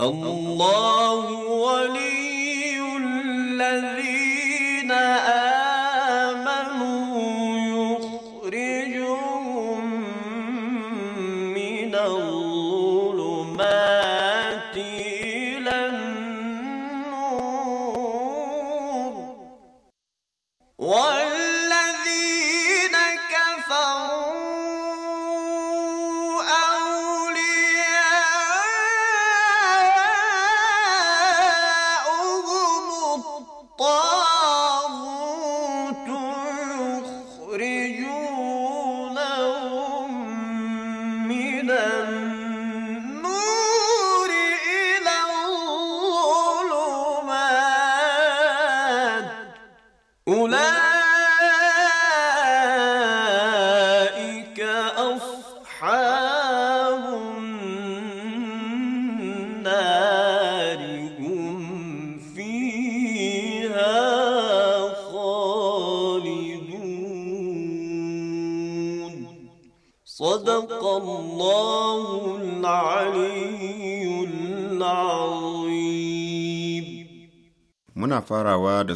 الله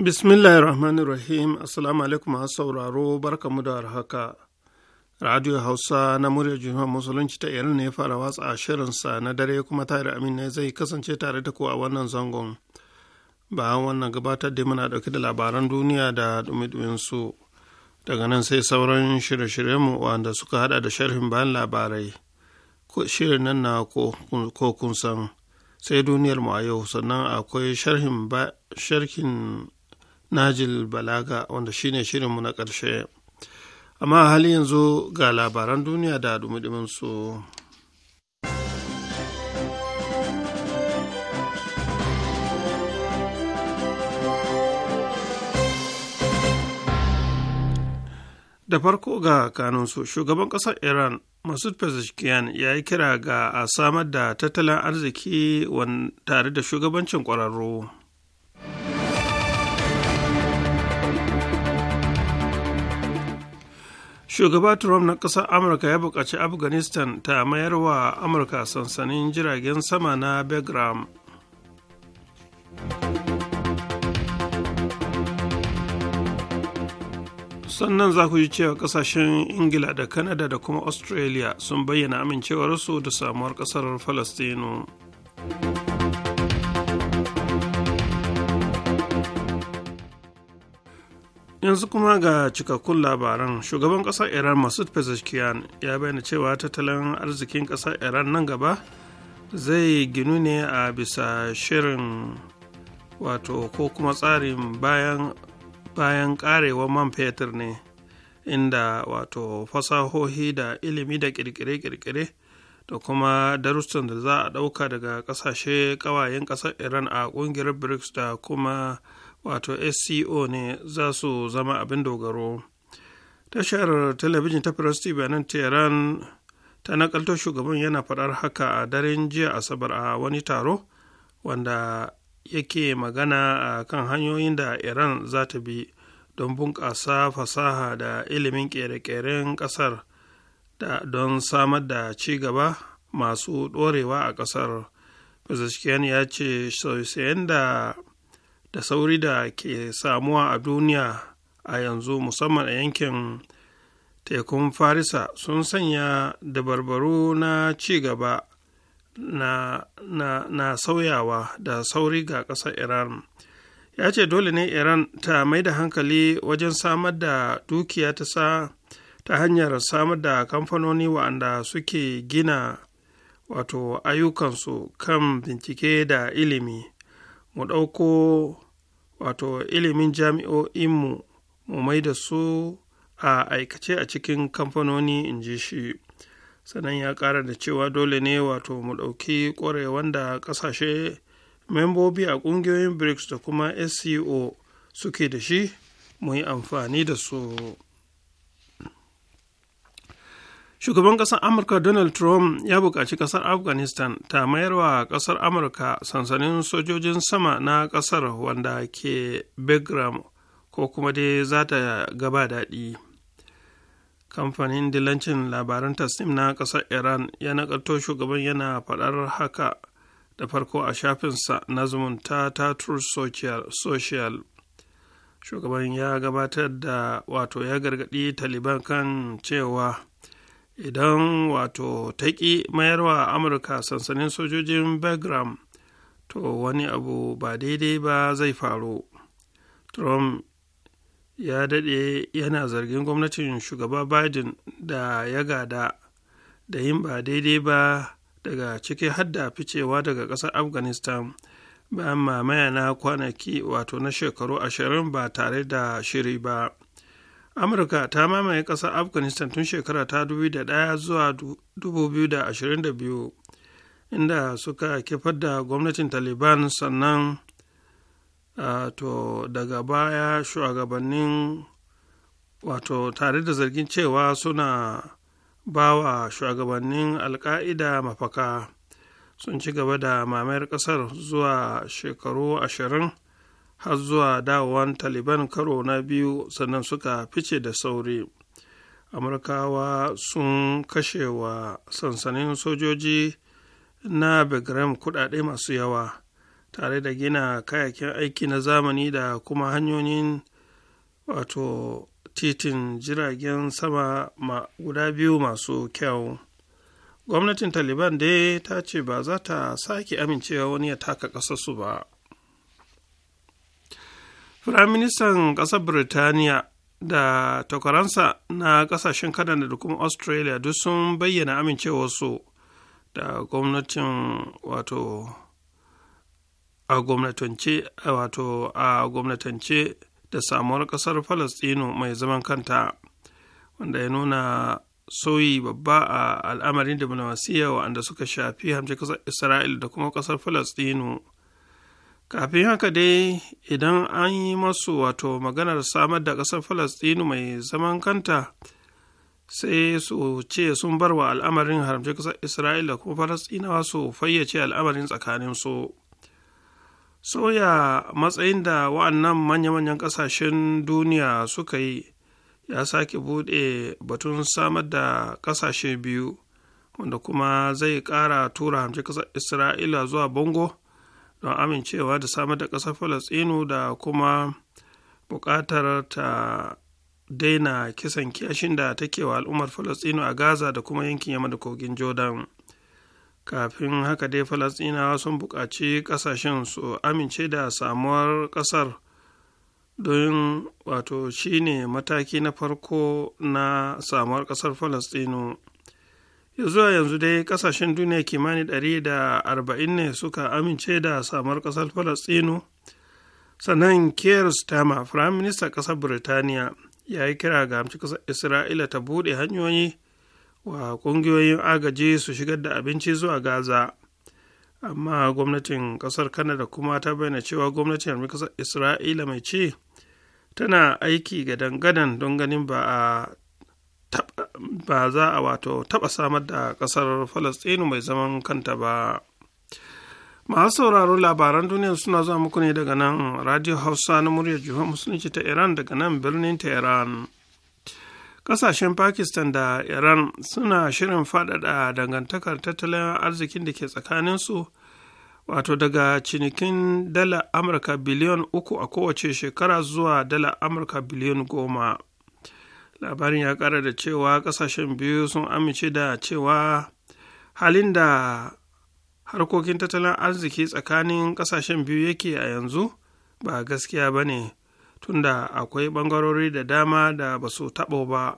Bismillahir Rahmanir Rahim, Assalamu alaikum masu sauraro, barkamu da warhaka. Radio Hausa na muryar Jihar Musulunci ta Iran ne ya fara watsa shirinsa na dare kuma tare amin ne zai kasance tare da ku a wannan zangon. Bayan wannan gabatar da muna dauke da labaran duniya da dumi su daga nan sai sauran shirye-shiryenmu wanda suka hada da sharhin bayan labarai. Shirin nan na ko kun san sai duniyar mu a yau sannan akwai sharhin Najil Balaga wanda shine mu na ƙarshe. Amma a hali yanzu ga labaran duniya da dumi su. Da farko ga kanunsu, shugaban ƙasar Iran Masud Pezeshkian ya yi kira ga a samar da tattalin arziki tare da shugabancin ƙwararru. shugaba trump na ƙasar amurka ya buƙaci afghanistan ta mayar wa amurka sansanin jiragen sama na begram sannan za ku ji cewa kasashen ingila da kanada da kuma australia sun bayyana amincewarsu da samuwar kasar falastinu yanzu kuma ga cikakkun labaran shugaban ƙasar iran masud pezeshkian ya bayyana cewa tattalin arzikin ƙasar iran nan gaba zai ginu ne a bisa shirin wato ko kuma tsarin bayan bayan karewa man fetur ne inda wato fasahohi da ilimi da kirkire-kirkire da kuma darussan da za a ɗauka daga ƙasashe ƙawayen ƙasar iran a ƙungiyar brics da kuma wato sco ne za su zama abin dogaro tashar talabijin ta press tv nan tehran ta nakalto shugaban yana faɗar haka a daren jiya asabar a wani taro wanda yake magana a kan hanyoyin da iran za ta bi don bunƙasa fasaha da ilimin ƙere-ƙeren ƙasar don samar da ci gaba masu ɗorewa a ƙasar pezeshkian ya ce sosai da da sauri da ke samuwa a duniya a yanzu musamman a yankin tekun farisa sun sanya dabarbaru na ci gaba na, na, na sauyawa da sauri ga ƙasar iran ya ce dole ne iran ta mai da hankali wajen samar da dukiya ta sa ta hanyar samar da kamfanoni waɗanda suke gina wato ayyukansu kan bincike da ilimi mu ɗauko wato ilimin jami'o'inmu mu mai da su a aikace a cikin kamfanoni in ji shi sannan ya ƙara da cewa dole ne wato mu ɗauki ƙwarewan da ƙasashe membobi a ƙungiyoyin brics da kuma sco suke da shi mu yi amfani da su. shugaban ƙasar amurka donald trump ya buƙaci ƙasar afghanistan ta mayar wa ƙasar amurka sansanin sojojin sama na ƙasar wanda ke begram ko kuma dai za ta gaba daɗi kamfanin dilancin labaran tasnim na ƙasar iran ya nakarto shugaban yana faɗar haka da farko a shafinsa na zumunta ta social social shugaban ya gabatar da wato ya gargaɗi taliban kan cewa idan wato ta ƙi mayarwa amurka sansanin sojojin bagram to wani abu ba daidai ba zai faru trump ya daɗe yana zargin gwamnatin shugaba biden da ya gada da yin ba daidai ba daga ciki hadda ficewa daga ƙasar afghanistan bayan mamaya na kwanaki wato na shekaru ashirin ba tare da shiri ba amurka ta mamaye ƙasar afghanistan tun shekara ta 2001 zuwa 2022 inda suka kifar da gwamnatin taliban sannan to daga baya shugabannin wato tare da zargin cewa suna ba wa shugabannin alka'ida mafaka sun ci gaba da mamayar ƙasar zuwa shekaru ashirin har zuwa dawowan taliban karo na biyu sannan suka fice da sauri amurkawa sun kashe wa sansanin sojoji na begram kudade masu yawa tare da gina kayakin aiki na zamani da kuma hanyoyin wato titin jiragen sama ma guda biyu masu kyau gwamnatin taliban dai ta ce ba za ta sake amincewa wani ya taka ƙasarsu ba Firaministan ƙasar Birtaniya da takwaransa na ƙasashen Kanada da kuma Australia duk sun bayyana amincewarsu da gwamnatin wato a gwamnatance wato a gwamnatance da samuwar ƙasar Falastinu mai zaman kanta wanda ya nuna sauyi babba a al'amarin diflomasiyya wa'anda suka shafi hamshe ƙasar Isra'il da kuma ƙasar Falastinu. kafin haka dai idan an yi masu wato maganar samar da ƙasar Falasɗinu mai zaman kanta sai su ce sun bar wa al'amarin haramci ƙasar isra'ila kuma falastinawa su fayyace al'amarin tsakanin su sauya matsayin da wa'annan manya-manyan ƙasashen duniya suka yi ya sake buɗe batun samar da ƙasashe biyu wanda kuma zai ƙara tura hamci ƙasar isra'ila zuwa bango don amincewa da samar da ƙasar falasɗinu da kuma buƙatar ta daina kisan kiyashin da take wa al'ummar falasɗinu a gaza da kuma yankin yamma da kogin jordan kafin haka dai falasɗinawa sun bukaci ƙasashen su amince da samuwar ƙasar don wato shine mataki na farko na samuwar ƙasar falasɗinu zuwa yanzu dai kasashen duniya kimanin da arba'in ne suka amince da samar kasar falastinu sannan kiyar stama firayim minista kasar birtaniya ya yi kira ga amci kasar isra'ila ta bude hanyoyi wa ƙungiyoyin agaji su shigar da abinci zuwa gaza amma gwamnatin kasar canada kuma ta bayyana cewa gwamnatin kasar isra'ila mai ci tana aiki ga dangadan don ganin ba a ba za a wato taɓa samar da ƙasar falastinu mai zaman kanta ba masu sauraro labaran duniya suna zuwa muku ne daga nan radio hausa na muryar jihar musulunci ta iran daga nan birnin tehran ƙasashen pakistan da iran suna shirin faɗaɗa dangantakar tattalin arzikin da ke tsakaninsu wato daga cinikin dala amurka biliyon uku a kowace shekara zuwa dala amurka biliyon goma labarin ya kara da cewa kasashen biyu sun amince da cewa halin da harkokin tattalin arziki tsakanin kasashen biyu yake a yanzu ba gaskiya ba ne tunda akwai ɓangarori da dama da ba su taɓo ba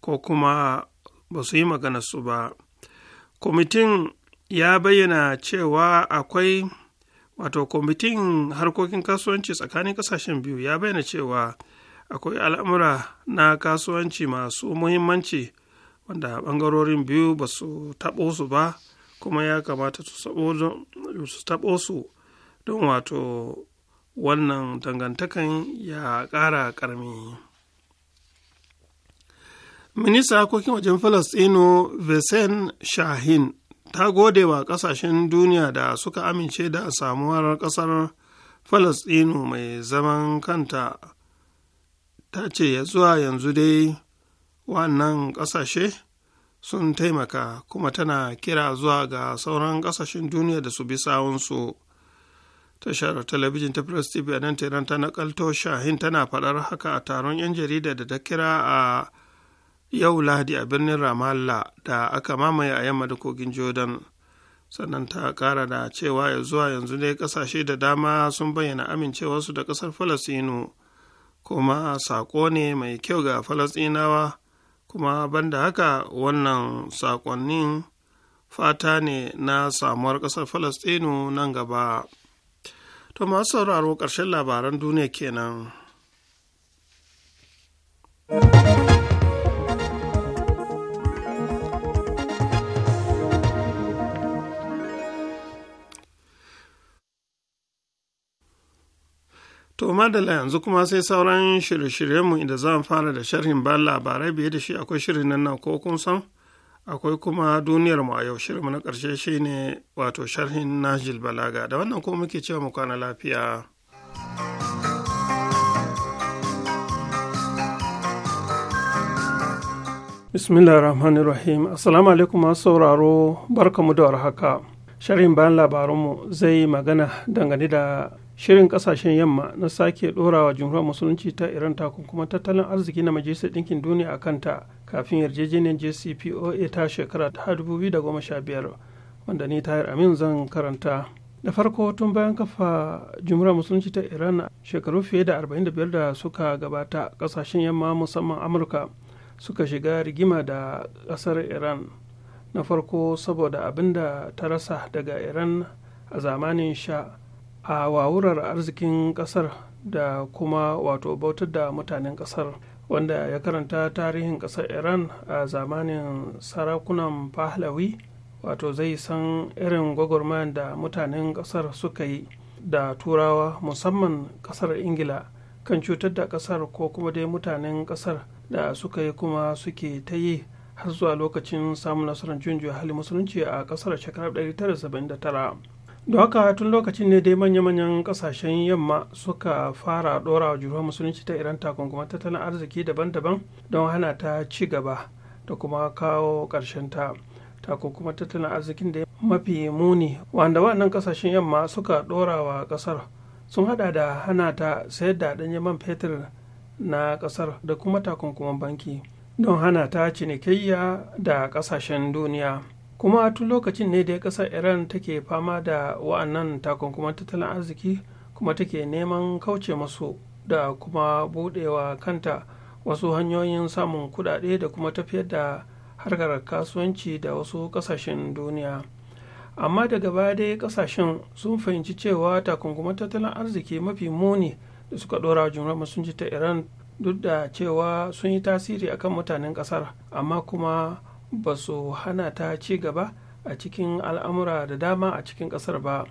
ko kuma ba su yi maganarsu ba kwamitin ya bayyana cewa akwai wato kwamitin harkokin kasuwanci tsakanin kasashen biyu ya bayyana cewa akwai al'amura na kasuwanci masu muhimmanci wanda ɓangarorin biyu ba su taɓo su ba kuma ya kamata su taɓo su don wato wannan dangantakan ya ƙara ƙarmi. Minista harkokin wajen Falastino Vesen Shahin ta gode wa ƙasashen duniya da suka amince da samuwar ƙasar Falastino mai zaman kanta ta ce ya zuwa yanzu dai wannan ƙasashe sun taimaka kuma tana kira zuwa ga sauran ƙasashen duniya da su bi sawunsu tashar talabijin ta press tv a nan tehran ta nakalto shahin tana faɗar haka a taron 'yan jarida da ta kira a yau lahadi a birnin ramallah da aka mamaye a yamma da kogin jordan sannan ta ƙara da cewa ya zuwa yanzu dai ƙasashe da dama sun bayyana amincewarsu da ƙasar Falasinu. kuma saƙo ne mai kyau ga falasɗinawa kuma banda haka wannan saƙonnin fata ne na samuwar ƙasar falasɗinu nan gaba to masu sauraro ƙarshen labaran duniya kenan. To madalla yanzu kuma sai sauran shirye-shiryenmu inda za mu fara da sharhin ba labarai biye da shi akwai shirin nan na ko kun san akwai kuma duniyar mu a yau shirinmu na ƙarshe shi ne wato sharhin Najil Balaga da wannan ko muke cewa mu kwana lafiya. Bismillah ar rahim Assalamu alaikum masu sauraro barkamu da warhaka. Sharhin bayan mu zai magana dangane da shirin kasashen yamma na sake dorawa jumhuriyar musulunci ta iran takunkuma tattalin arziki na majalisar ɗinkin duniya a kanta kafin yarjejeniyar jcpoa ta shekara ta 2015 wanda ni tahir amin zan karanta da farko tun bayan kafa jumhuriyar musulunci ta iran shekaru fiye da 45 da suka gabata kasashen yamma musamman amurka suka shiga rigima da kasar iran na farko saboda abin da ta rasa daga iran a zamanin sha a wawurar arzikin kasar da kuma wato bautar da mutanen kasar wanda ya karanta tarihin kasar iran a zamanin sarakunan pahlawi wato zai san irin gwagwarmayar da mutanen kasar suka yi da turawa musamman kasar ingila kan cutar da kasar ko kuma dai mutanen kasar da suka yi kuma suke ta yi har zuwa lokacin samun nasarar junjo hali musulunci a kasar shekarar 1979 da haka tun lokacin ne dai manya-manyan kasashen yamma suka fara dora wa juruwar musulunci ta iran takunkuma tattalin arziki daban-daban don hana ta ci gaba da kuma kawo ƙarshen ta takunkuma tattalin arzikin da mafi muni wanda waɗannan kasashen yamma suka dora wa ƙasar sun hada da hana ta sayar da ɗanyen man fetur na ƙasar da kuma takunkuman banki don hana ta cinikayya da ƙasashen duniya kuma tun lokacin ne da ƙasar iran take fama da wa'annan takunkuman tattalin arziki kuma take neman kauce masu da kuma budewa kanta wasu hanyoyin samun kudade da kuma tafiyar da harkar kasuwanci da wasu kasashen duniya amma daga baya dai kasashen sun fahimci cewa takunkuman tattalin arziki mafi muni da suka ɗora jumhuriyar masunci ta iran duk da cewa sun yi tasiri akan mutanen ƙasar amma kuma ba su hana ta ci gaba a cikin al'amura da dama a cikin ƙasar ba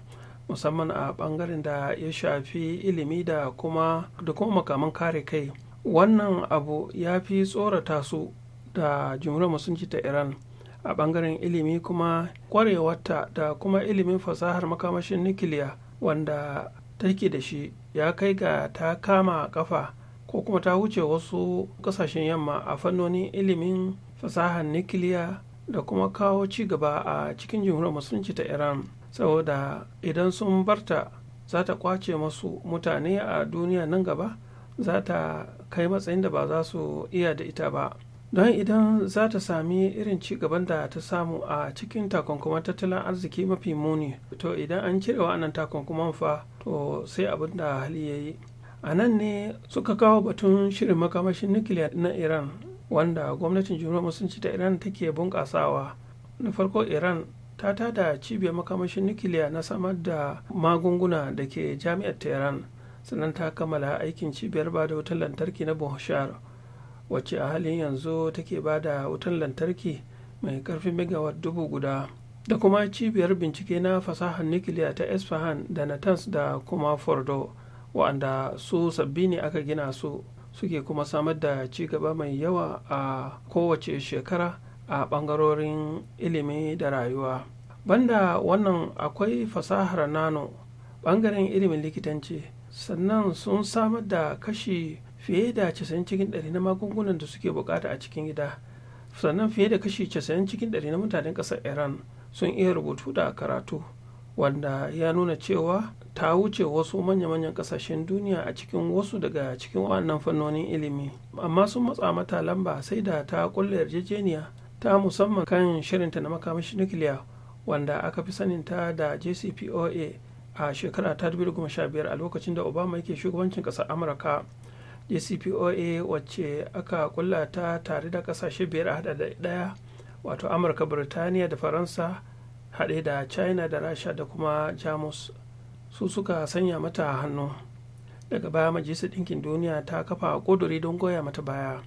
musamman a ɓangaren da ya shafi ilimi da kuma da kuma makaman kare kai wannan abu ya fi tsorata su da jumhuriyar musulunci ta iran a ɓangaren ilimi kuma kwarewata da kuma ilimin fasahar makamashin nukiliya wanda take da shi ya kai ga ta kama kafa ko kuma ta wuce wasu kasashen yamma a fannonin ilimin fasahar nukiliya da kuma kawo ci gaba a cikin jamhuriyar musulunci ta iran saboda idan sun barta za ta kwace masu mutane a duniya nan gaba za ta kai matsayin da ba za su iya da ita ba don idan za ta sami irin ci gaban da ta samu a cikin takunkuman tattalin arziki mafi muni to idan an cire wa'annan takunkuman fa to sai abin da hali ya yi a nan ne suka kawo batun shirin makamashin nukiliya na iran wanda gwamnatin jihohar musulunci ta iran take bunƙasawa na farko iran ta tada cibiyar makamashin nukiliya na samar da magunguna da ke jami'ar tehran sannan ta kammala aikin cibiyar ba da wutar lantarki na bohshar wacce a halin yanzu take ba da wutar lantarki mai karfin megawatt dubu guda da kuma cibiyar bincike na fasahar nukiliya ta isfahan da natans da kuma fordo wa'anda su sabbi ne aka gina su suke kuma samar da ci gaba mai yawa a kowace shekara a ɓangarorin ilimi da rayuwa banda wannan akwai fasahar nano ɓangaren ilimin likitanci sannan sun samar da kashi fiye da 90 cikin ɗari na magungunan da suke bukata a cikin gida sannan fiye da kashi 90 cikin ɗari na mutanen ƙasar iran sun iya rubutu da karatu wanda ya nuna cewa ta wuce wasu manya-manyan kasashen duniya a cikin wasu daga cikin wannan fannonin ilimi amma sun matsa mata lamba sai da ta kulle yarjejeniya ta musamman kan shirinta na makamashi nukiliya wanda aka fi saninta da jcpoa a shekara ta 2015 a lokacin da obama yake shugabancin ƙasar amurka jcpoa wacce aka kulla ta tare da kasashe biyar a hada da ɗaya wato amurka birtaniya da faransa haɗe da china da rasha da kuma jamus su suka sanya mata hannu daga baya majalisar ɗinkin duniya ta kafa ƙuduri don goya mata baya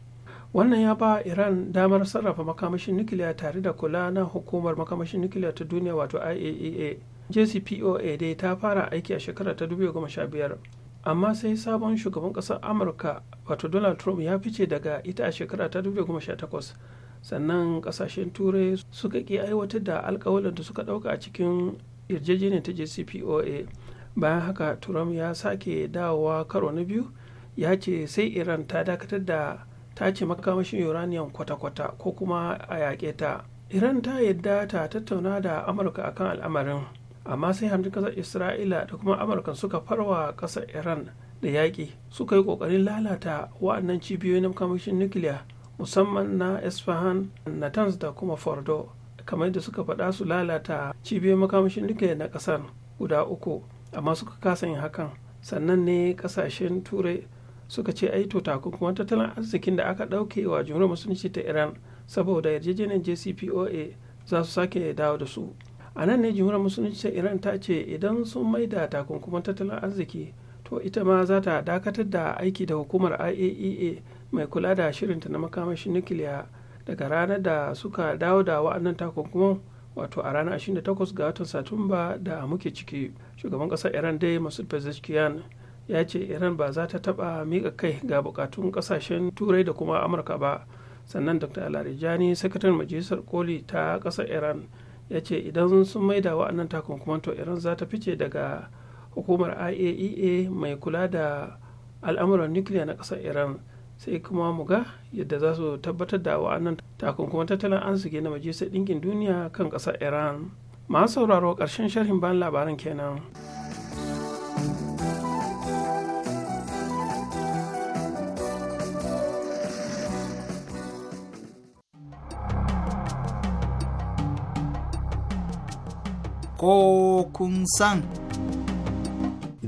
wannan ya ba iran damar sarrafa makamashin nukiliya tare da kula na hukumar makamashin nukiliya ta duniya wato iaea jcpoa dai ta fara aiki a shekara ta 2015 amma sai sabon shugaban ƙasar amurka wato donald trump ya fice daga ita a shekara ta 2018 sannan ƙasashen turai suka ƙi aiwatar da alƙawalin da suka ɗauka a cikin yarjejeniyar ta jcpoa bayan haka trump ya sake dawowa karo na biyu ya ce sai iran ta dakatar da ta ce makamashin uranium kwata-kwata ko kuma a yaƙe ta iran ta yadda ta tattauna da amurka akan al'amarin amma sai hamdin kasar isra'ila da kuma amurka suka farwa kasar iran da yaƙi suka yi ƙoƙarin lalata wa'annan cibiyoyi na makamashin nukiliya musamman na isfahan natanz da kuma fordo kamar da suka faɗa su lalata cibiyoyin makamashin nukiliya na ƙasar guda uku amma suka kasa yin hakan sannan ne kasashen turai suka ce aito takunkuman tattalin arzikin da aka ɗauke wa jumhuriyar musulunci ta iran saboda yarjejeniyar jcpoa za su sake dawo da su a nan ne jumhuriyar musulunci ta iran ta ce idan sun maida takunkuman tattalin arziki to ita ma za ta dakatar da aiki da hukumar iaea e mai kula da shirinta na makamashin nukiliya daga ranar da suka dawo da wa'annan takunkuman wato a ranar 28 ga watan satumba da muke ciki shugaban ƙasar iran dai masud pezeshkian ya ce iran ba za ta taɓa miƙa kai ga bukatun ƙasashen turai da kuma amurka ba sannan dr alarijani sakataren majalisar koli ta ƙasar iran ya ce idan sun maida wa'annan takunkuman to iran za ta fice daga hukumar iaea e mai kula da al'amuran nukiliya na ƙasar iran sai kuma mu ga yadda za su tabbatar da wa'annan takunkuman tattalin arziki na majalisar ɗinkin duniya kan ƙasar iran masu sauraro ƙarshen sharhin bayan labaran kenan. ko kun san.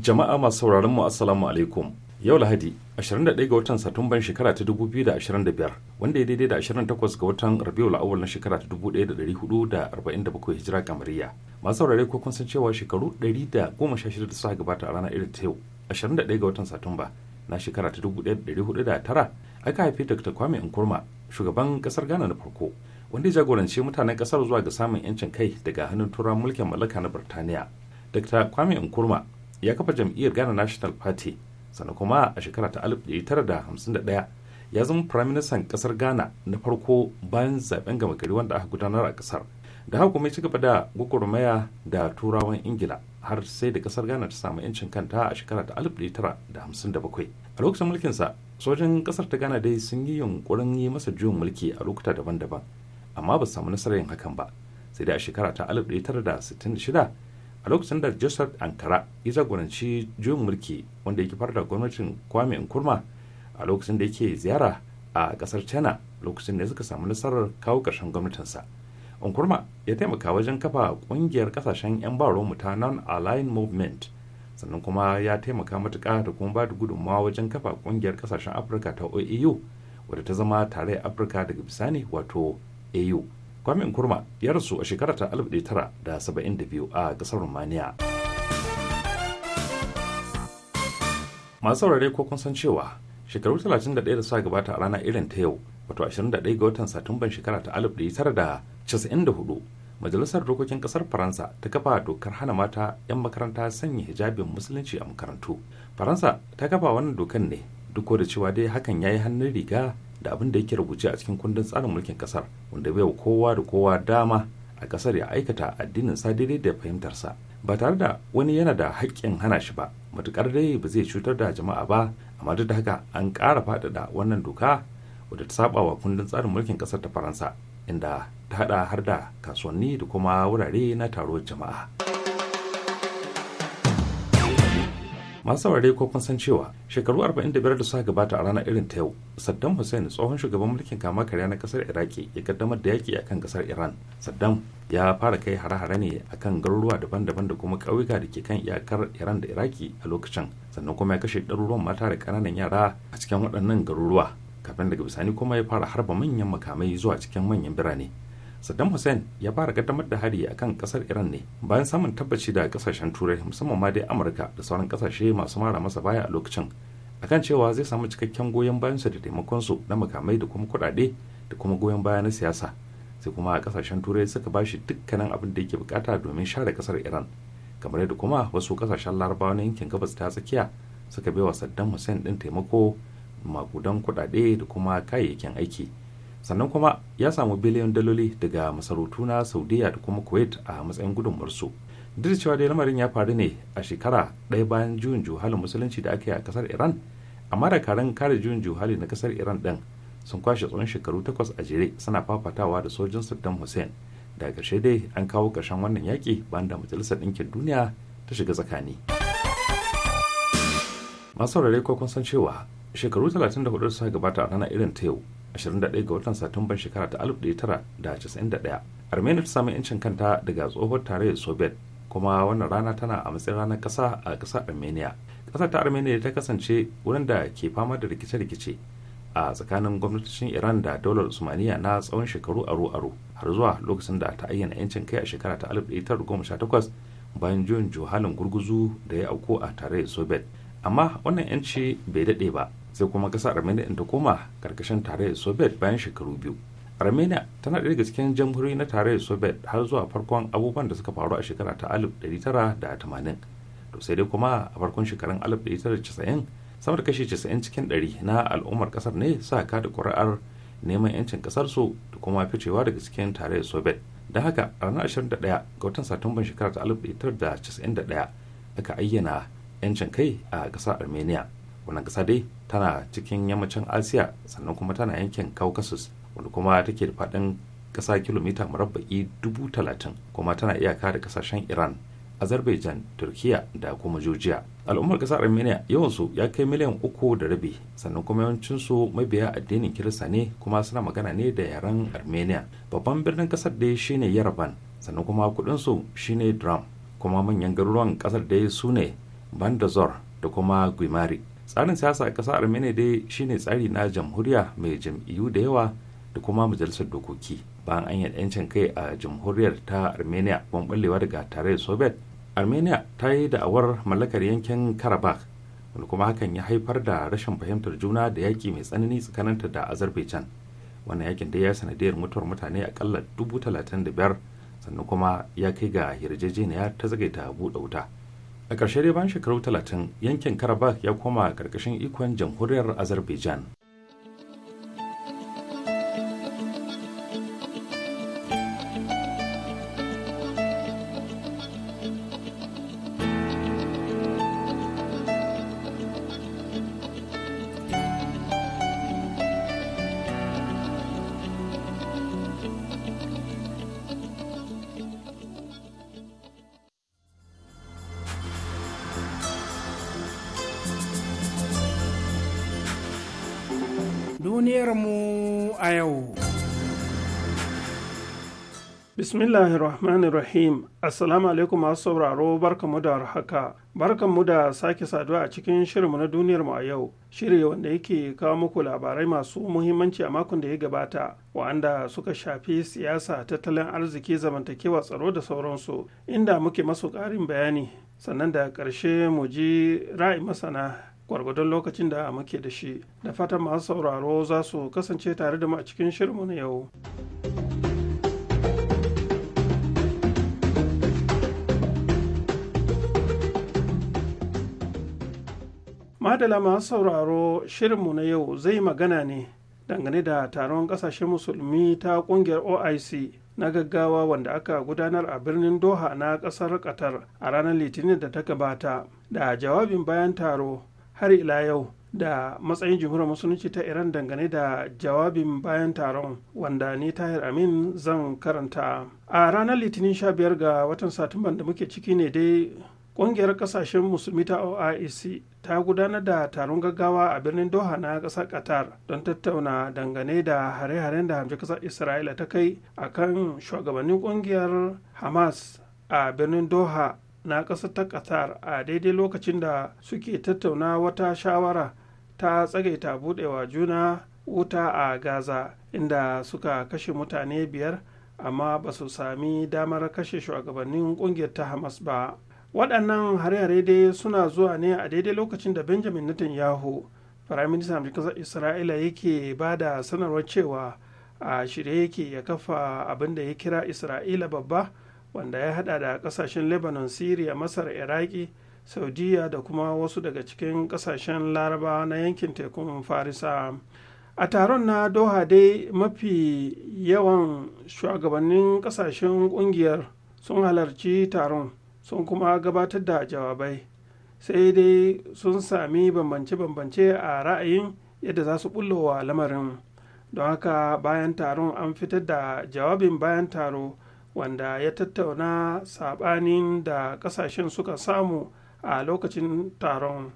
Jama'a masu sauraron mu Assalamu alaikum. Yau Lahadi 21 ga watan Satumban shekara ta 2025 wanda ya daidai da 28 ga watan Rabiul Awwal na shekara ta 1447 Hijira kamariya. Masu saurare ko kun san cewa shekaru 116 da suka gabata a ranar irin ta yau 21 ga watan Satumba na shekara ta 1409 aka haifi Dr. Kwame Nkrumah shugaban kasar Ghana na farko wanda ya jagoranci mutanen kasar zuwa ga samun yancin kai daga hannun turawan mulkin mallaka na Birtaniya. Dr. Kwame Nkrumah ya kafa jam'iyyar Ghana National Party sannan kuma a shekara ta 1951 ya zama firaministan kasar ghana na farko bayan zaben gama gari wanda aka gudanar a kasar da haka kuma ya ci gaba da gwagwarmaya da turawan ingila har sai da kasar ghana ta samu yancin kanta a shekara ta 1957 a lokacin mulkinsa sojin kasar ta ghana dai sun yi yunkurin yi masa juyin mulki a lokuta daban-daban amma ba su samu nasarar yin hakan ba sai da a shekara ta 1966 a lokacin da joseph ankara ya jagoranci juyin mulki wanda ya fara da gwamnatin kwame nkurma a lokacin da yake ziyara a kasar china lokacin da suka samu nasarar kawo ƙarshen gwamnatinsa nkurma ya taimaka wajen kafa ƙungiyar ƙasashen 'yan mu ta non-aligned movement sannan kuma ya taimaka matuka da kuma ba da gudunmawa wajen kafa ƙungiyar ƙasashen afirka ta oeu wadda ta zama tare afirka daga bisani wato au kwamin kurma ya rasu a shekarar ta 1972 a kasar romania masu saurare ko kun san cewa shekaru 31 da suka gabata a rana irin ta yau wato 21 ga watan satumban shekara ta 1994 majalisar dokokin kasar faransa ta kafa dokar hana mata 'yan makaranta sanya hijabin musulunci a makarantu faransa ta kafa wannan dokan ne duk da cewa dai hakan ya yi hannun riga da abin da yake rubuce a cikin kundin tsarin mulkin kasar wanda bai kowa da kowa dama a kasar ya aikata addinin sa daidai da fahimtarsa ba tare da wani yana da haƙƙin hana shi ba matukar dai ba zai cutar da jama'a ba amma duk da haka an ƙara faɗaɗa wannan doka wadda ta saba wa kundin tsarin mulkin kasar ta faransa inda ta haɗa har da kasuwanni da kuma wurare na taro jama'a. masu saurare ko kun san cewa shekaru 45 da suka gabata a ranar irin ta yau saddam hussein tsohon shugaban mulkin kama karya na kasar iraki ya kaddamar da yaki akan kasar iran saddam ya fara kai hare-hare ne akan garuruwa daban-daban da kuma kauyuka da ke kan iyakar iran da iraki a lokacin sannan kuma ya kashe ɗaruruwan mata da ƙananan yara a cikin waɗannan garuruwa kafin daga bisani kuma ya fara harba manyan makamai zuwa cikin manyan birane saddam hussein ya fara kaddamar da hari akan kasar iran ne bayan samun tabbaci da kasashen turai musamman ma dai amurka da sauran kasashe masu mara masa baya a lokacin akan cewa zai samu cikakken goyon bayan su da taimakon su na makamai da kuma kuɗaɗe da kuma goyon baya na siyasa sai kuma kasashen turai suka bashi shi dukkanin abin da yake bukata domin share kasar iran kamar yadda kuma wasu kasashen larabawa na yankin gabas ta tsakiya suka wa saddam hussein din taimako makudan kuɗaɗe da kuma kayayyakin aiki sannan kuma ya samu biliyan daloli daga masarautu na saudiya da kuma kuwait a matsayin gudunmarsu duk da cewa dai lamarin ya faru ne a shekara ɗaya bayan juyin juhalin musulunci da aka yi a kasar iran amma da karen kare juyin juhali na kasar iran ɗin sun kwashe tsawon shekaru takwas a jere suna fafatawa da sojin saddam hussein da ƙarshe dai an kawo ƙarshen wannan yaƙi bayan da majalisar ɗinkin duniya ta shiga tsakani masu saurare ko kun san cewa shekaru talatin hudu da suka gabata a rana irin ta yau 21 ga watan satumban shekara ta 1991 armenia ta samu yancin kanta daga tsohuwar tarayyar soviet kuma wannan rana tana a matsayin ranar kasa a kasa armenia ƙasar ta armenia ta kasance wurin da ke fama da rikice-rikice a tsakanin gwamnatocin iran da daular usmaniya na tsawon shekaru aro-aro har zuwa lokacin da ta ayyana yancin kai a shekara ta 1918 bayan juyin juhalin gurguzu da ya auku a tarayyar soviet amma wannan yanci bai daɗe ba sai kuma kasar armenia ta koma karkashin tarayyar soviet bayan shekaru biyu armenia tana da daga cikin jamhuri na tarayyar soviet har zuwa farkon abubuwan da suka faru a shekara ta 1980 to sai dai kuma a farkon shekarun 1990 sama da kashi 90 cikin 100 na al'ummar kasar ne sa ka da kuri'ar neman 'yancin kasar su da kuma ficewa daga cikin tarayyar soviet da haka ranar 21 ga watan satumban shekara ta 1991 aka ayyana 'yancin kai a ƙasar armenia wannan kasa dai tana cikin yammacin asiya sannan kuma tana yankin caucasus wanda kuma take da faɗin ƙasa kilomita murabba'i dubu talatin kuma tana iyaka da kasashen iran azerbaijan turkiya da kuma georgia al'ummar ƙasar armenia yawansu ya kai miliyan uku da rabi sannan kuma yawancinsu mabiya addinin kirista ne kuma suna magana ne da yaren armenia babban birnin ƙasar dai shine yaraban sannan kuma kudinsu shine drum kuma manyan garuruwan ƙasar dai su ne bandazor da kuma guimari tsarin siyasa a ƙasar armenia dai shine tsari na jamhuriya mai jam'iyyu da yawa da kuma majalisar dokoki bayan an yi yancin kai a jamhuriyar ta armenia ban ga daga tarayyar soviet armenia ta yi da awar mallakar yankin karabakh wanda kuma hakan ya haifar da rashin fahimtar juna da yaƙi mai tsanani tsakaninta da azerbaijan wannan yakin dai ya sanadiyar mutuwar mutane akalla dubu talatin da biyar sannan kuma ya kai ga yarjejeniya ta zagaita buɗe wuta a ƙarshe dai bayan shekaru 30 yankin karabakh ya koma ƙarƙashin ikon jamhuriyar azerbaijan Bismillahirrahmanirrahim. Assalamu alaikum masu sauraro mu da haka. mu da sake saduwa a cikin shirin mu na duniyarmu a yau. Shiri wanda yake kawo muku labarai masu muhimmanci a makon da ya gabata, wa'anda suka shafi siyasa, tattalin arziki, zamantakewa, tsaro da sauransu, inda muke masu ƙarin bayani. Sannan da ƙarshe mu ji ra'ayin masana gwargwadon lokacin da muke da shi. Da fatan masu sauraro za su kasance tare da mu a cikin shirin mu na yau. madala masu sauraro shirinmu na yau zai magana ne dangane da taron kasashen musulmi ta kungiyar oic na gaggawa wanda aka gudanar a birnin doha na kasar qatar a ranar litinin da ta gabata da jawabin bayan taro har ila yau da matsayin jamhuriyar musulunci ta iran dangane da jawabin bayan taron wanda ni tahir amin zan karanta a ranar litinin 15 ga watan satumban da muke ciki ne dai ƙungiyar ƙasashen musulmi ta oic ta gudanar da taron gaggawa a birnin doha na ƙasar qatar don tattauna dangane da hare-haren da hamshe ƙasar isra'ila ta kai a kan shugabannin ƙungiyar hamas a birnin doha na ƙasar ta qatar a daidai lokacin da suke tattauna wata shawara ta tsagaita budewa juna wuta a gaza inda suka kashe mutane biyar amma ba su sami damar kashe shugabannin ƙungiyar ta hamas ba waɗannan hare-hare dai suna zuwa ne a daidai lokacin da benjamin netanyahu firaministan amurka ƙasar isra'ila yake ba da sanarwar cewa a shirye yake ya kafa abin da ya kira isra'ila babba wanda ya hada da ƙasashen lebanon syria masar iraki saudiya da kuma wasu daga cikin ƙasashen laraba na yankin tekun farisa a taron na doha dai mafi yawan shugabannin ƙasashen ƙungiyar sun halarci taron sun kuma gabatar da jawabai sai dai sun sami bambance-bambance a ra'ayin yadda za su wa lamarin don haka bayan taron an fitar da jawabin bayan taro wanda ya tattauna saɓanin da ƙasashen suka samu a lokacin taron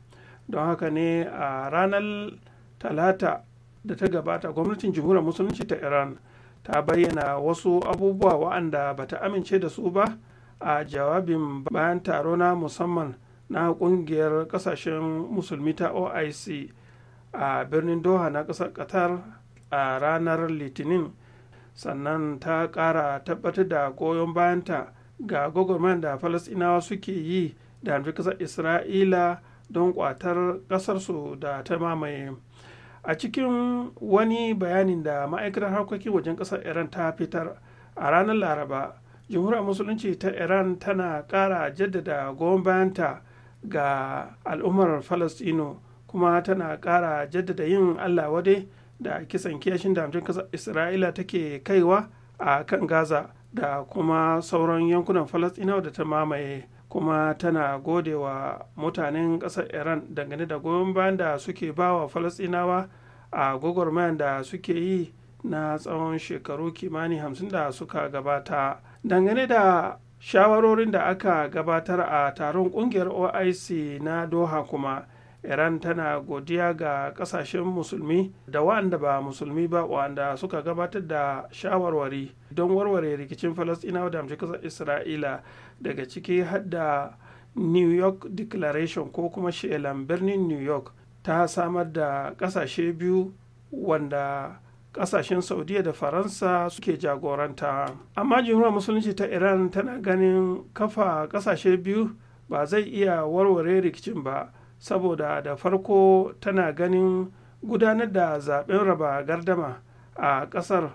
don haka ne a ranar talata da ta gabata gwamnatin jamhuriyar musulunci ta iran ta bayyana wasu abubuwa wa'anda ta amince da su ba a jawabin bayan taro na musamman na kungiyar kasashen musulmi ta oic a birnin doha na ƙasar qatar a ranar litinin sannan ta ƙara tabbatar da goyon bayanta ga gwagwarmayar da falasinawa suke yi da hamfi ƙasar isra'ila don ƙwatar ƙasarsu da ta mamaye a cikin wani bayanin da ma'aikatar harkokin wajen ƙasar iran ta fitar a ranar laraba jamhuriyar musulunci ta iran tana kara jaddada goyon bayanta ga al'ummar falastino kuma tana kara jaddada yin allah wade da kisan kiyashin da amcin isra'ila take kaiwa a kan gaza da kuma sauran yankunan falastinawa da ta mamaye kuma tana gode wa mutanen kasar iran dangane da goyon bayan da suke bawa falastinawa a gwagwarmayan da suke yi na tsawon shekaru kimanin hamsin da suka gabata dangane da shawarorin da aka gabatar a taron kungiyar oic na doha kuma iran tana godiya ga kasashen musulmi da wa'anda ba musulmi ba wa'anda suka gabatar da shawarwari don warware rikicin falasɗinawa da amshi kasar isra'ila daga ciki hadda new york declaration ko kuma shelan birnin new york ta samar da kasashe biyu wanda kasashen saudiya da faransa suke jagoranta amma jimhuriyar musulunci ta iran tana ganin kafa kasashe biyu ba zai iya warware rikicin ba saboda da farko tana ganin gudanar da zaben raba gardama a kasar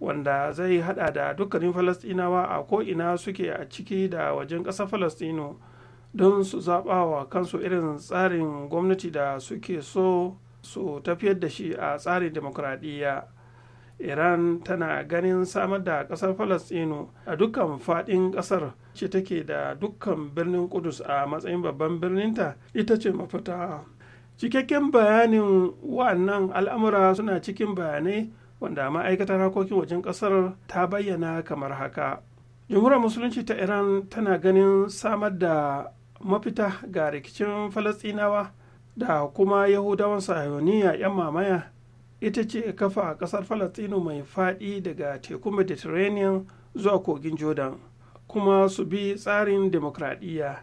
wanda zai hada da dukkanin falastinawa a ko'ina suke a ciki da wajen ƙasar falastino don su zaɓa wa kansu irin tsarin gwamnati da suke so su tafiyar da shi a tsarin demokuraɗiyya iran tana ganin samar da ƙasar falastinu a dukkan faɗin ƙasar ce take da dukkan birnin kudus a matsayin babban birninta ita ce mafita cikakken bayanin wannan al'amura suna cikin bayanai wanda ma'aikatar harkokin wajen ƙasar ta bayyana kamar haka jamhuriyar musulunci ta iran tana ganin samar da mafita ga rikicin falastinawa da kuma yahudawan sayoniya 'yan mamaya ita ce kafa ƙasar falastinu mai faɗi daga tekun mediterranean zuwa kogin jordan kuma su bi tsarin demokradiyya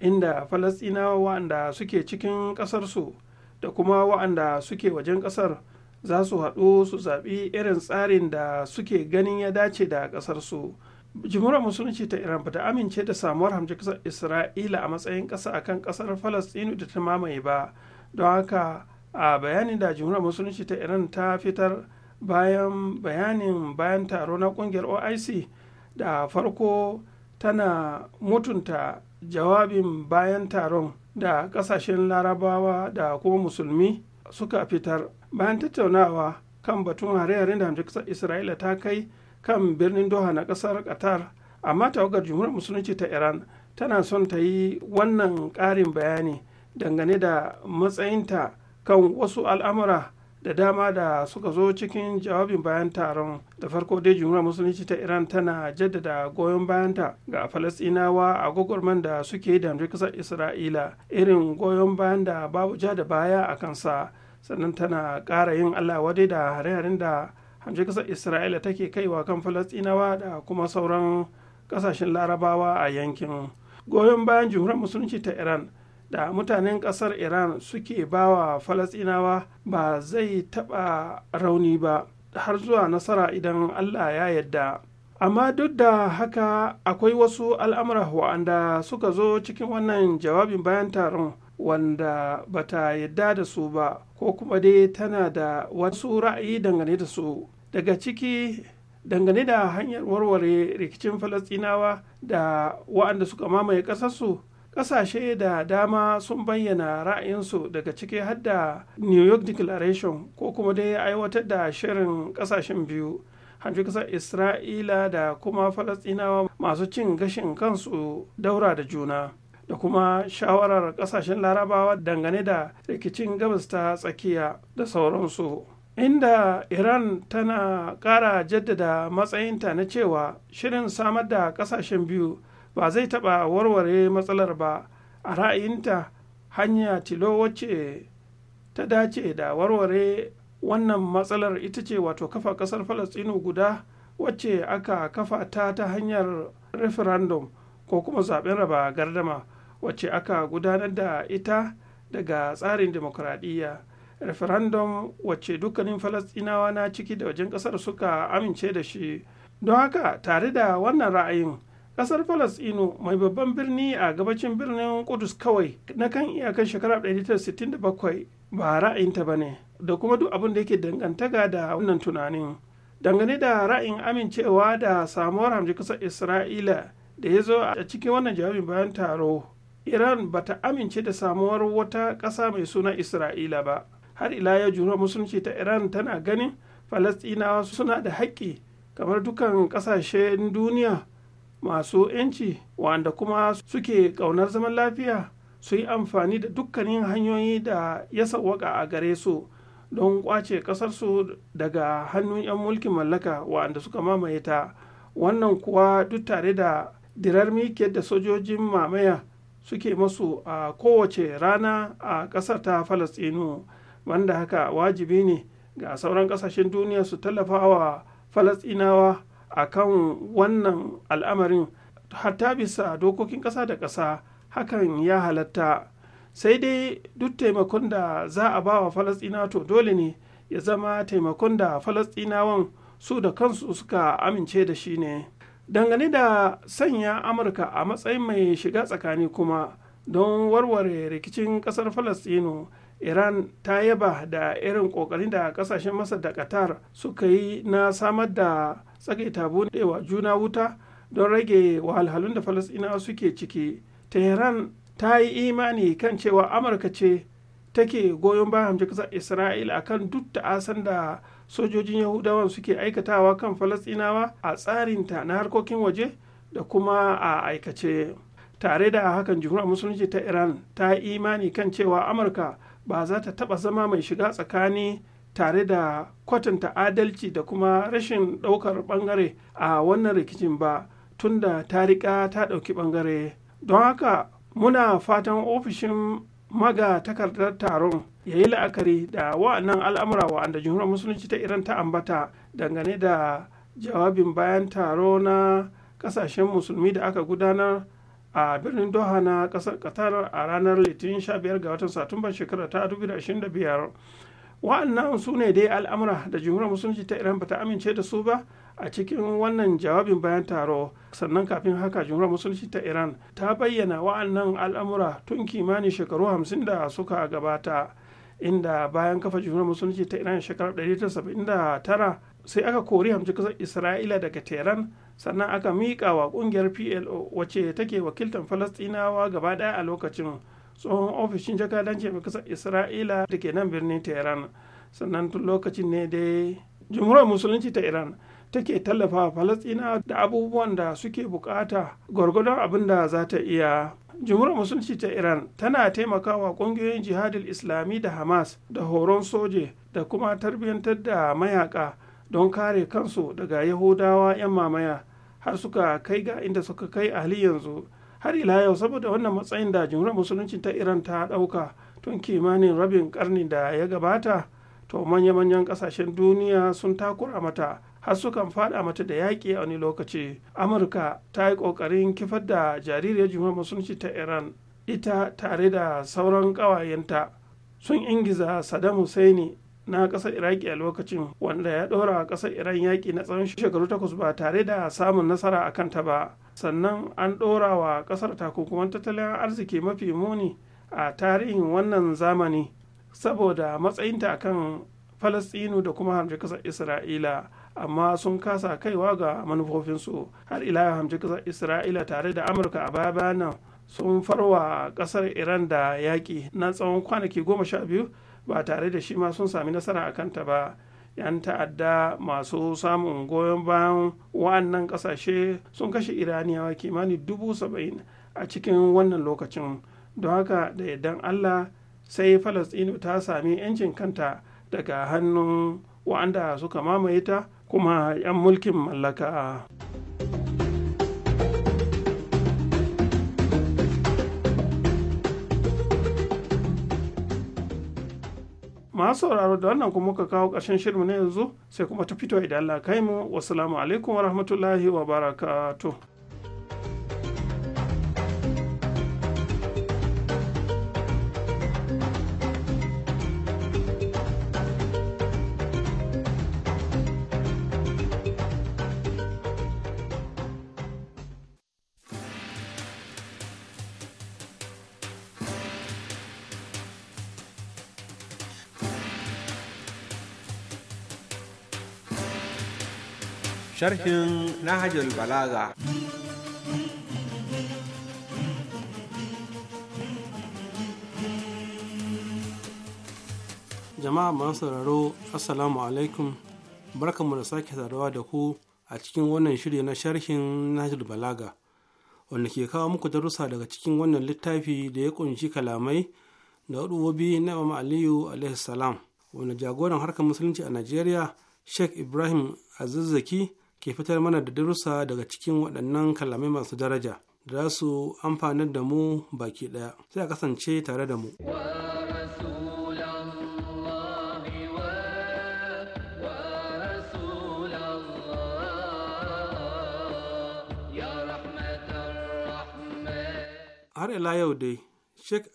inda falastinawa waɗanda suke cikin ƙasarsu da kuma waɗanda suke wajen ƙasar za su haɗu su zaɓi irin tsarin da suke ganin ya dace da ƙasarsu jimhuriyar musulunci ta iran bata amince da samuwar hamji kasar isra'ila a matsayin kasa akan kasar falastinu da ta mamaye ba don haka a bayanin da jimhuriyar musulunci ta iran ta fitar bayan bayanin bayan taro na kungiyar oic da farko tana mutunta jawabin bayan taron da kasashen larabawa da kuma musulmi suka fitar bayan tattaunawa kan batun hare-haren da hamji kasar isra'ila ta kai kan birnin doha na kasar qatar amma tawagar jumhuriyar musulunci ta iran tana son ta yi wannan ƙarin bayani dangane da matsayinta kan wasu al'amura da dama da suka zo cikin jawabin bayan taron da farko dai jumhuriyar musulunci ta iran tana jaddada goyon bayanta ga falasinawa a gwagwarman da suke da kasar isra'ila irin goyon bayan da babu ja da baya a kansa sannan tana ƙara yin allah wadai da hare-haren da hanci kasa isra'ila take kaiwa kan falastinawa da kuma sauran kasashen larabawa a yankin goyon bayan jumhuriyar musulunci ta iran da mutanen kasar iran suke bawa falastinawa ba zai taba rauni ba har zuwa nasara idan allah ya yadda amma duk da haka akwai wasu al'amura wa'anda suka zo cikin wannan jawabin bayan taron wanda bata yadda da su ba ko kuma dai tana da wasu ra'ayi dangane da su daga ciki dangane da hanyar warware rikicin falasɗinawa da wa'anda suka mamaye ƙasarsu ƙasashe da dama sun bayyana ra'ayinsu daga ciki har da new york declaration ko kuma dai aiwatar da shirin ƙasashen biyu hanci ƙasar isra'ila da kuma falasɗinawa masu cin gashin kansu daura da juna da kuma shawarar ƙasashen larabawa dangane da rikicin gabas ta tsakiya da sauransu inda iran tana kara jaddada matsayinta na cewa shirin samar da kasashen biyu ba zai taɓa warware matsalar ba a ra'ayinta hanya tilo wacce ta dace da warware wannan matsalar ita ce wato kafa ƙasar falastinu guda wacce aka kafa ta ta hanyar referendum ko kuma zaɓen raba gardama wacce aka gudanar da ita daga tsarin demokuraɗiyya referendum wacce dukkanin Falasɗinawa na ciki da wajen kasar suka amince da shi don haka tare da wannan ra'ayin kasar Falasɗinu mai babban birni a gabacin birnin kudus kawai na kan iyakan shekarar 1967 ba ra'ayinta ba ne da kuma duk abin da yake dangantaka da wannan tunanin dangane da ra'ayin amincewa da samuwar hamji kasar isra'ila da ya zo a cikin wannan jawabin bayan taro iran bata amince da samuwar wata ƙasa mai suna isra'ila ba har ila ya jumhuriyar musulunci ta iran tana ganin falastinawa suna da haƙƙi kamar dukan ƙasashen duniya masu 'yanci wanda kuma suke ƙaunar zaman lafiya su yi amfani da dukkanin hanyoyi da ya sawwaka a gare su don kwace ƙasarsu daga hannun 'yan mulkin mallaka wanda suka mamaye ta wannan kuwa duk tare da dirar mikiyar da sojojin mamaya suke masu a kowace rana a ƙasar ta falastinu banda haka wajibi ne ga sauran kasashen duniya su tallafa wa falasɗinawa a kan wannan al'amarin hatta bisa dokokin ƙasa da ƙasa hakan ya halatta sai dai duk taimakon da za a ba wa falasɗinawa to dole ne ya zama taimakon da falasɗinawan su da kansu suka amince da shi ne dangane da sanya amurka a matsayin mai shiga tsakani kuma don warware rikicin ƙasar falasɗinu iran ta yaba da irin kokarin da kasashen masar da qatar suka yi na samar da tsagaita buɗewa juna wuta don rage wahalhalun da falasɗinawa suke ciki tehran ta yi imani kan cewa amurka ce take goyon bayan kasar isra'ila akan duk da asan da sojojin yahudawan suke aikatawa kan falasɗinawa a tsarinta na harkokin waje da kuma a aikace tare da hakan jumhuriyar musulunci ta iran ta yi imani kan cewa amurka ba za ta taɓa zama mai shiga tsakani tare da kwatanta adalci da kuma rashin ɗaukar ɓangare a wannan rikicin ba tunda ta riƙa ta ɗauki ɓangare don haka muna fatan ofishin maga takardar taron ya yi la'akari da wa'annan al'amura wa'anda jihunar musulunci ta iran ta ambata dangane da jawabin bayan taro na kasashen musulmi da aka gudanar a birnin doha na kasar qatar a ranar litinin 15 ga watan satumbar shekara ta 2025 wa'annan su ne dai al'amura da jumhuriyar musulunci ta iran bata amince da su ba a cikin wannan jawabin bayan taro sannan kafin haka jumhuriyar musulunci ta iran ta bayyana wa'annan al'amura tun kimanin shekaru 50 da suka gabata inda bayan kafa jumhuriyar musulunci ta iran shekarar 1979 sai aka kori hamci kasar isra'ila daga tehran sannan aka miƙa wa ƙungiyar plo wacce take wakiltar falastinawa gaba ɗaya a lokacin tsohon ofishin jakadanci mai kasar isra'ila da ke nan birnin tehran sannan tun lokacin ne dai jumhuriyar musulunci ta iran take tallafa falastinawa da abubuwan da suke bukata gwargwadon abin da za ta iya jumhuriyar musulunci ta iran tana taimakawa ƙungiyoyin jihadil islami da hamas da horon soje da kuma tarbiyyantar da mayaka don kare kansu daga yahudawa 'yan mamaya har suka kai ga inda suka kai a hali yanzu har ila yau saboda wannan matsayin da jumhuriyar musulunci ta iran ta ɗauka tun kimanin rabin karni da ya gabata to manya-manyan ƙasashen duniya sun takura mata har sukan fada mata da yaƙi a wani lokaci amurka ta yi ƙoƙarin kifar da jaririyar jumhuriyar musulunci ta iran ita tare da sauran ƙawayenta sun ingiza saddam husaini na ƙasar iraki a lokacin wanda ya ɗora ƙasar iran yaƙi na tsawon shekaru takwas ba tare da samun nasara a kanta ba sannan an ɗora wa ƙasar takunkuman tattalin arziki mafi muni a tarihin wannan zamani saboda matsayinta a kan falastinu da kuma hamji ƙasar isra'ila amma sun kasa kaiwa ga manufofinsu har ila hamji ƙasar isra'ila tare da amurka a baya nan sun farwa ƙasar iran da yaƙi na tsawon kwanaki goma sha biyu ba tare da shi ma sun sami nasara a kanta ba yan ta'adda masu samun goyon bayan wa'annan kasashe sun kashe iraniyawa kimanin dubu saba'in a cikin wannan lokacin don haka da yardan allah sai falastinu ta sami 'yancin kanta daga hannun wa'anda suka mamaye ta kuma 'yan mulkin mallaka. masu sauraro da wannan kuma muka kawo ƙarshen shirinmu na yanzu sai kuma ta fito idan Allah kai mu wasu alaikum wa rahmatullahi wa barakatuh sharhin Nahajul Balaga. Jama'a masu sauraro Assalamu alaikum barkanmu da sake saduwa da ku a cikin wannan shirya na sharhin Nahajul Balaga wanda ke kawo muku darussa daga cikin wannan littafi da ya kunshi kalamai da hudubobi na Imam Aliyu alaihi salam wanda jagoran harkar musulunci a Najeriya Sheikh Ibrahim Azizzaki ke fitar mana da darussa daga cikin waɗannan kalamai masu daraja da za su amfanar da mu baki ɗaya sai a kasance tare da mu. har ila yau dai sheikh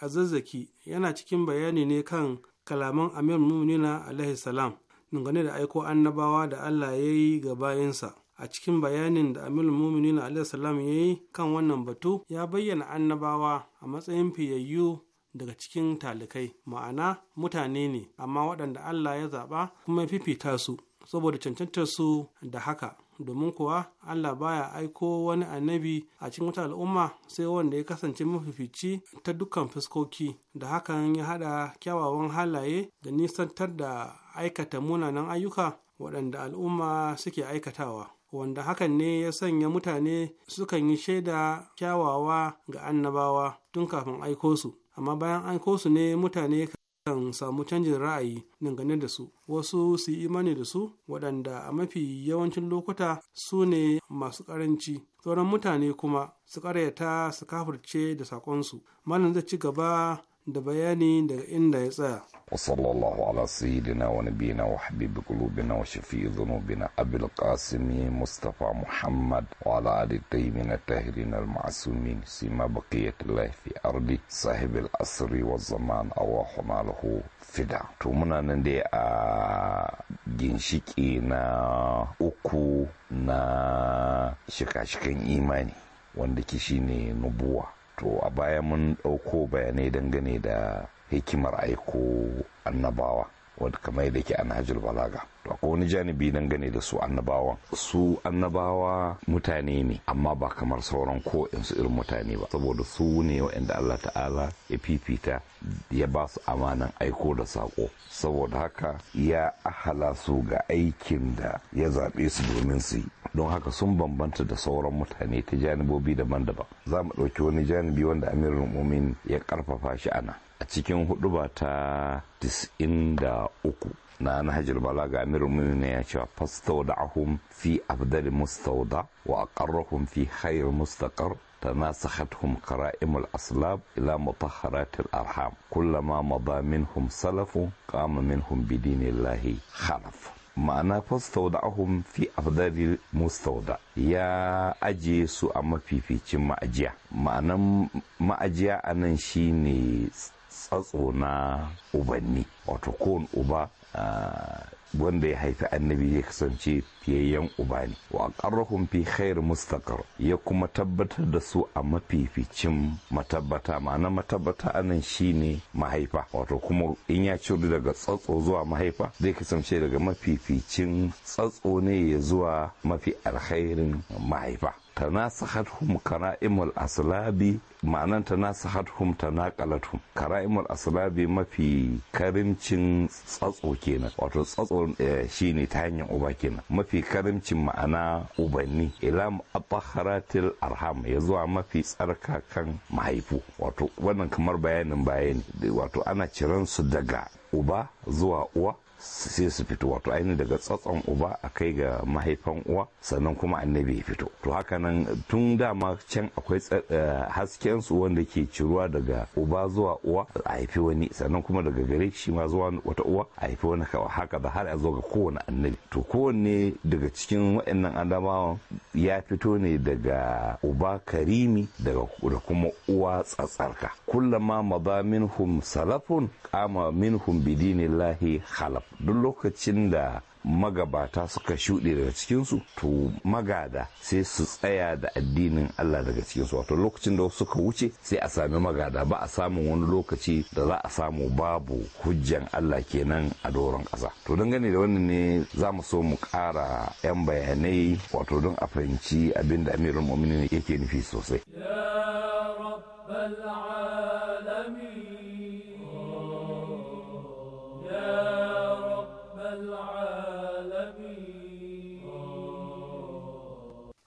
azazzaki yana cikin bayani ne kan kalaman amir muminina alaihi salam dangane da aiko annabawa da Allah ya yi ga bayansa. a cikin bayanin da amil muminin Salam ya yi kan wannan batu ya bayyana annabawa a matsayin fiyayyu daga cikin talikai ma'ana mutane ne amma waɗanda allah ya zaɓa kuma fifita su saboda cancantar su da haka domin kuwa Allah baya aiko wani annabi a cikin wata al'umma sai wanda ya kasance mafifici ta dukkan fuskoki da hakan ya haɗa kyawawan halaye da nisantar da aikata munanan ayyuka waɗanda al'umma suke aikatawa wanda hakan ne ya sanya mutane sukan yi shaida kyawawa ga annabawa tun kafin aiko su amma bayan aiko su ne mutane kan samu canjin ra'ayi dangane da su wasu su yi imani da su waɗanda a mafi yawancin lokuta su ne masu ƙaranci sauran mutane kuma su ƙaryata su kafirce da saƙonsu malam zai ci gaba da bayani daga inda ya tsaya. Wasallallahu ala sayidina wa nabiyina wa habibi kulubina wa shafi zunubina Abul Qasim Mustafa Muhammad wa ala ali tayyibin tahrin al ma'sumin sima baqiyat al-layl fi ardi sahib al-asr wa zaman aw hunalahu fida. To muna nan dai a ginshiƙi na uku na shika imani. wanda ke shine nubuwa to a baya mun ɗauko bayanai dangane da hikimar aiko annabawa wadda kamar yadda ke anhajul balaga to akwai wani janibi dangane da su annabawan su annabawa mutane ne amma ba kamar sauran ko in su irin mutane ba saboda su ne waɗanda Allah ta'ala ya fifita ya ba su amanan aiko da sako saboda haka ya ahala su ga aikin da ya zaɓe su domin su yi don haka sun bambanta da sauran mutane ta janibobi daban-daban za mu ɗauki wani janibi wanda amirul mumin ya ƙarfafa shi ana a cikin huduba ta 93 na nahajul balaga amirul mumin ya cewa fastawda'ahum fi afdal mustauda wa aqarrahum fi khair mustaqar تناسختهم كرائم aslab ila مطهرات arham kullama مضى minhum salafu قام minhum bidinillahi الله ma'ana fastawda'ahum fi afdalil mustauda ya ajiye su a mafificin ma'ajiya ma'anan ma'ajiya anan shine tsatso na ubanni wato kowane uba ah, wanda ya haifi annabi ya kasance fiyayyen uba ne wa qarrahum fi khair mustaqar ya kuma tabbatar da su a mafificin matabbata ma'ana matabbata anan shine mahaifa wato kuma in ya ciro daga tsatso zuwa mahaifa zai kasance daga mafificin tsatso ne ya zuwa mafi alkhairin mahaifa tanasahathum kara'imul aslabi ma'anan tanasahathum tanaqalathum kara'imul aslabi mafi karimcin tsatso kenan wato tsatso eh, shine ta hanyar uba kenan mafi karimcin ma'ana ubanni ilam abaharatil arham ya zuwa mafi tsarkakan mahaifu wato wannan kamar bayanin bayani wato ana ciran su daga uba zuwa uwa sai su fito wato ainihin daga tsatson uba a kai ga mahaifan uwa sannan kuma annabi ya fito to haka nan tun dama can akwai eh, hasken su wanda ke ciruwa daga uba zuwa uwa a haifi wani sannan kuma daga gare shi ma zuwa wata uwa a haifi wani haka da har a zo ga kowane annabi to kowanne daga cikin waɗannan adamawan ya fito ne daga uba karimi daga kuma uwa tsatsarka ma ba minhum salafun kama minhum bidinillahi khalaf duk lokacin da magabata suka shuɗe daga cikinsu to magada sai su tsaya da addinin Allah daga cikinsu wato lokacin da suka wuce sai a sami magada ba a samun wani lokaci da za a samu babu hujjan Allah kenan a doron ƙasa to don dangane da wannan ne za mu so mu ƙara 'yan bayanai wato don a fahimci abin da amirin yake nufi sosai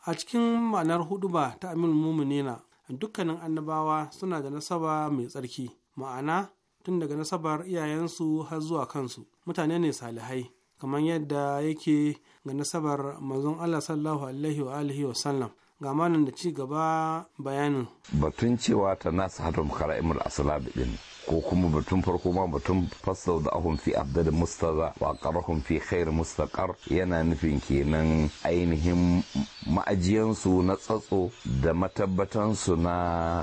a cikin ma'anar ba ta amin muminina dukkanin annabawa suna da nasaba mai tsarki ma'ana tun daga nasabar iyayensu har zuwa kansu mutane ne salihai kamar yadda yake ga nasabar mazun Allah sallallahu alaihi wa sallam ga manan da ci gaba bayanin. Batun cewa ta nasu haram kara'imul da din ko kuma batun farko ma batun fassau da ahun fi da mustaza wa karahun fi khair mustaqar yana nufin kenan ainihin ma'ajiyansu na tsatso da matabbatansu na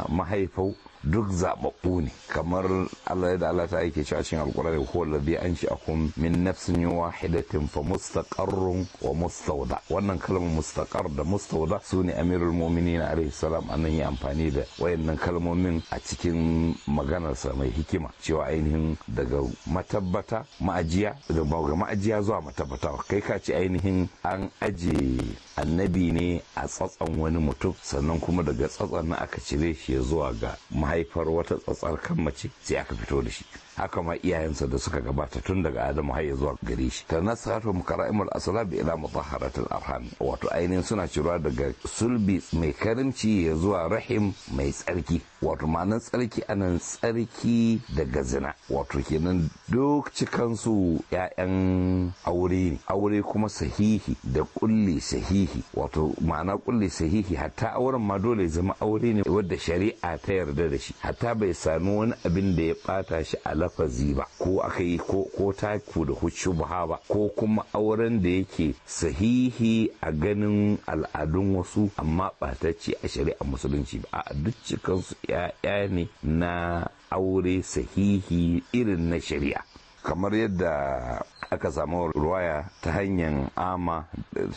mahaifau duk zaɓaɓɓu ne kamar Allah da Allah ta yake cewa cikin alƙur'ani ko ladhi an shi akum min nafsin wahidatin fa mustaqarrun wa mustawda wannan kalmar mustaqar da mustawda su ne amirul mu'minin alaihi salam anan yi amfani da wayannan kalmomin a cikin maganarsa mai hikima cewa ainihin daga matabbata ma'ajiya daga ma'ajiya zuwa matabbata kai ka ci ainihin an ajiye annabi ne a tsatson wani mutum sannan kuma daga tsatson na aka cire shi zuwa ga mahaifar wata tsatsar kan mace sai aka fito da shi haka ma iyayensa da suka gabata tun daga adamu har zuwa gare shi ta nasatu mukarramul aslab ila mutahharatil arham wato ainihin suna ciruwa daga sulbi mai karimci ya zuwa rahim mai tsarki wato ma'anar tsarki anan tsarki daga zina wato kenan duk cikansu ya'yan aure ne aure kuma sahihi da kulli sahihi wato ma'ana kulli sahihi hatta auren ma dole zama aure ne wadda shari'a ta yarda da shi hatta bai sami wani abin da ya bata shi a lafazi ba ko aka yi ko ta taku da hushubha ba ko kuma auren da yake sahihi a ganin al'adun wasu amma ɓatacce a shari'a musulunci ba a duk cikansu 'ya'ya ne na aure sahihi irin na shari'a kamar yadda aka samu ruwaya ta hanyar ama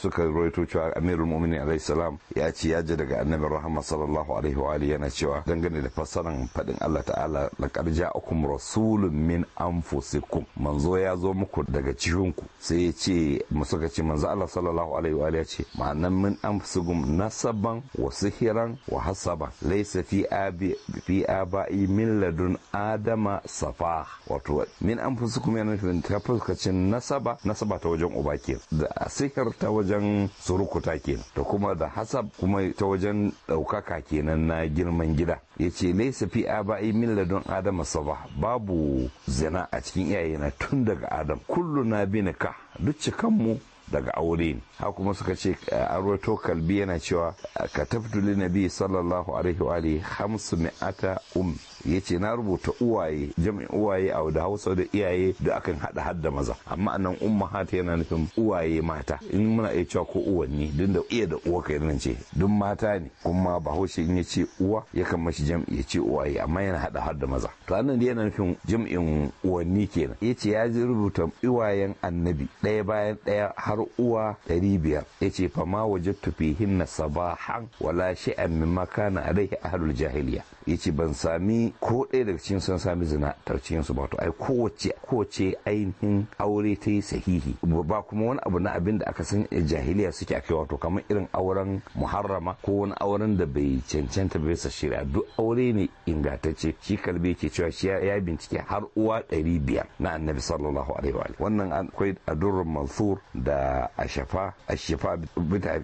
suka roito cewa amirul mu'minin alaihi salam ya ce ya daga annabi rahama sallallahu alaihi wa alihi yana cewa dangane da fassaran fadin Allah ta'ala laqad ja'akum rasulun min anfusikum manzo ya zo muku daga cikinku sai ya ce suka ce manzo Allah sallallahu alaihi wa alihi ya ce ma'anan min anfusikum nasaban wa sihiran wa hasaba laysa fi abi fi abai min ladun adama safa wato min anfusikum su kuma yana nufin ta fuskacin nasaba nasaba ta wajen uba ke da sihir ta wajen surukuta ke da kuma da hasab kuma ta wajen ɗaukaka kenan na girman gida ya ce laisa fi bai min ladon adama saba babu zina a cikin iyaye na tun daga adam kullu na bi ka duk cikanmu daga aure ne ha kuma suka ce eh, a roto kalbi yana cewa ka tafduli nabi sallallahu alaihi wa alihi hamsu mi'ata um ya ce na rubuta uwaye jami'in uwaye a da hausa da iyaye da akan haɗa har da maza amma a nan umma hata yana nufin uwaye mata in muna iya cewa ko uwanni duk da iya da uwa kai nan ce duk mata ne kuma bahaushe in ya ce uwa yakan mashi jam'i ya ce uwaye amma yana haɗa har da maza to anan yana nufin jam'in uwanni kenan ya ce ya ji rubuta uwayen annabi ɗaya bayan ɗaya har uwa ɗari biyar ya ce fama waje tufi hinna sabahan wala shay'an makana a alaihi ahlul jahiliya ya ce ban sami ko ɗaya daga cikin sun sami zina tarciyin su ba to ai kowace kowace ainihin aure ta yi sahihi ba kuma wani abu na abin da aka san jahiliya suke a kai wato kamar irin auren muharrama ko wani auren da bai cancanta bai sa shari'a duk aure ne ingantacce shi kalbe ke cewa shi ya bincike har uwa ɗari biyar na annabi sallallahu alaihi wa wannan akwai adurrun mansur da ashafa ashafa bita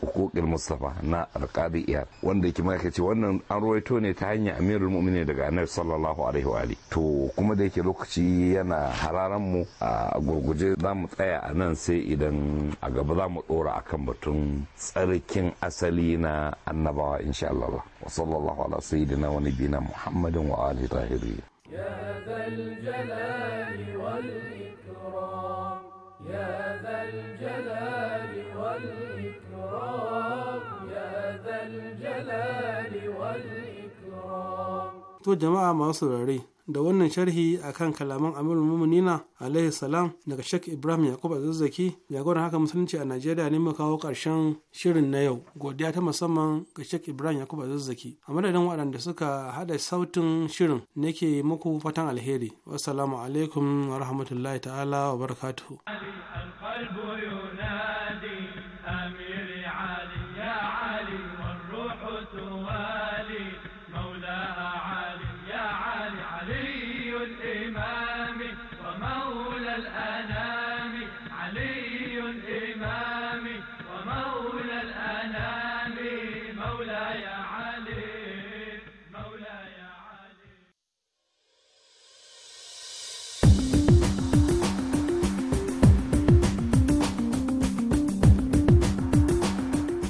hukukin mustafa na alƙadi iyar wanda yake maka ce wannan an ruwaito ne ne ta hanyar amirul mu'minin daga annabi sallallahu alaihi wa to kuma da yake lokaci yana hararan mu a gurguje za mu tsaya a nan sai idan a gaba za mu dora akan batun tsarkin asali na annabawa insha Allah wa sallallahu ala sayyidina wa nabiyina muhammadin wa alihi tahiri ya ذا jalali wal يا ذا الجلال والإكرام يا ذا الجلال والإكرام To jama'a masu saurari da wannan sharhi akan kalaman Amirul Muminina alaihi salam daga Sheikh Ibrahim Yakub ya jagoran haka musulunci a Najeriya ne mu kawo karshen shirin na yau. Godiya ta musamman ga Sheikh Ibrahim Yakub azuzaki A madadin waɗanda suka haɗa sautin shirin nake muku fatan alheri. Wassalamu alaikum wa rahmatullahi ta'ala wa barakatuhu.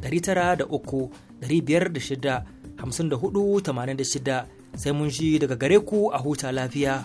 9,506,5486 sai mun shi daga gare ku a huta lafiya.